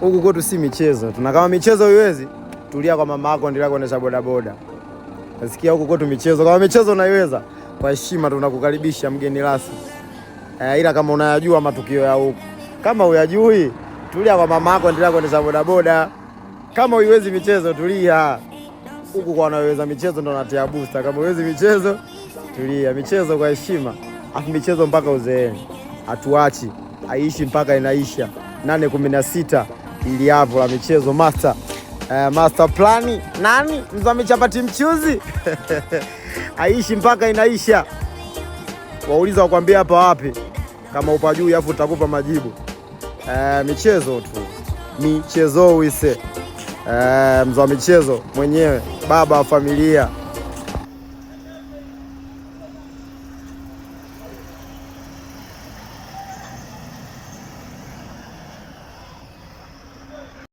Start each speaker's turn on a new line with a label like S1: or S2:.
S1: huku kwetu si michezo, tuna kama michezo iwezi, tulia kwa mama yako, endelea kuendesha bodaboda. Nasikia huku kwetu michezo, kama michezo unaiweza, kwa heshima tunakukaribisha mgeni rasmi e, ila kama unayajua matukio ya huku, kama uyajui, tulia kwa mama yako, endelea kuendesha bodaboda. Kama uiwezi michezo, tulia huku kwa wanaweza michezo ndo natia booster. Kama uwezi michezo tulia, michezo kwa heshima, afu michezo mpaka uzeeni, hatuachi aishi mpaka inaisha. nane kumi na sita ili hapo la michezo master uh, master plan nani mzame chapati mchuzi aishi mpaka inaisha. Wauliza wakwambia hapa wapi, kama upa juu afu utakupa majibu. Uh, michezo tu michezo wise uh, eh, mzwa michezo mwenyewe, baba wa familia.